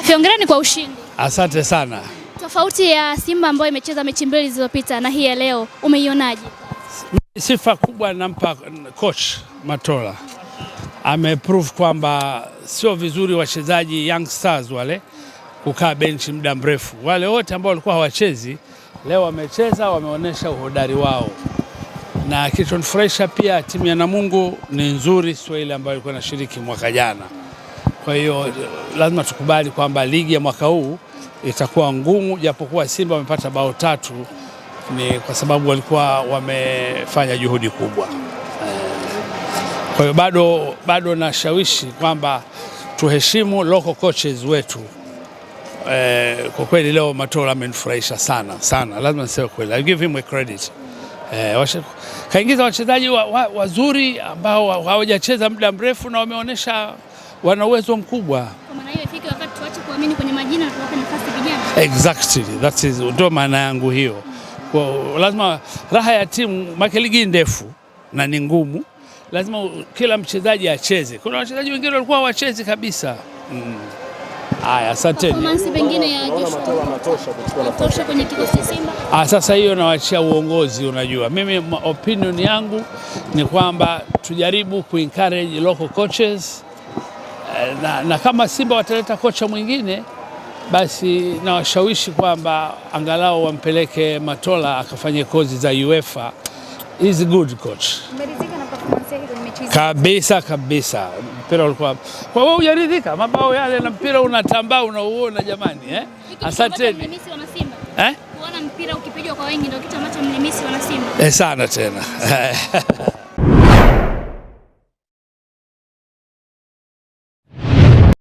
Safi, hongereni kwa ushindi. Asante sana. Tofauti ya Simba ambayo imecheza mechi mbili zilizopita na hii ya leo umeionaje? Sifa kubwa nampa coach Matola, ameprove kwamba sio vizuri wachezaji Young Stars wale kukaa benchi muda mrefu. Wale wote ambao walikuwa hawachezi leo wamecheza, wameonyesha uhodari wao, na kilichonifurahisha pia timu ya Namungo ni nzuri, sio ile ambayo ilikuwa inashiriki mwaka jana. Kwa hiyo lazima tukubali kwamba ligi ya mwaka huu itakuwa ngumu, japokuwa Simba wamepata bao tatu, ni kwa sababu walikuwa wamefanya juhudi kubwa. Kwa hiyo bado, bado nashawishi kwamba tuheshimu local coaches wetu. Eh, kwa kweli leo Matola amenifurahisha sana sana, lazima niseme kweli, I give him a credit. Eh, kaingiza wachezaji wazuri wa, wa ambao hawajacheza muda mrefu na wameonyesha wana uwezo mkubwa. Exactly, that is ndio maana yangu hiyo. Kwa lazima raha ya timu, make ligi ndefu na ni ngumu, lazima kila mchezaji acheze. Kuna wachezaji wengine walikuwa wachezi kabisa. Mm. Aya, Ah, Sasa hiyo nawaachia uongozi. Unajua, mimi opinion yangu ni kwamba tujaribu encourage local coaches Eh, na, na kama Simba wataleta kocha mwingine basi nawashawishi kwamba angalau wampeleke Matola akafanye kozi za UEFA. Is good coach kabisa kabisa. Mpira ulikuwa kwa wewe, hujaridhika mabao yale na mpira unatambaa unauona, jamani eh? Asanteni eh? Kuona mpira ukipigwa kwa wengi ndio kitu ambacho mlimisi wana Simba eh, sana tena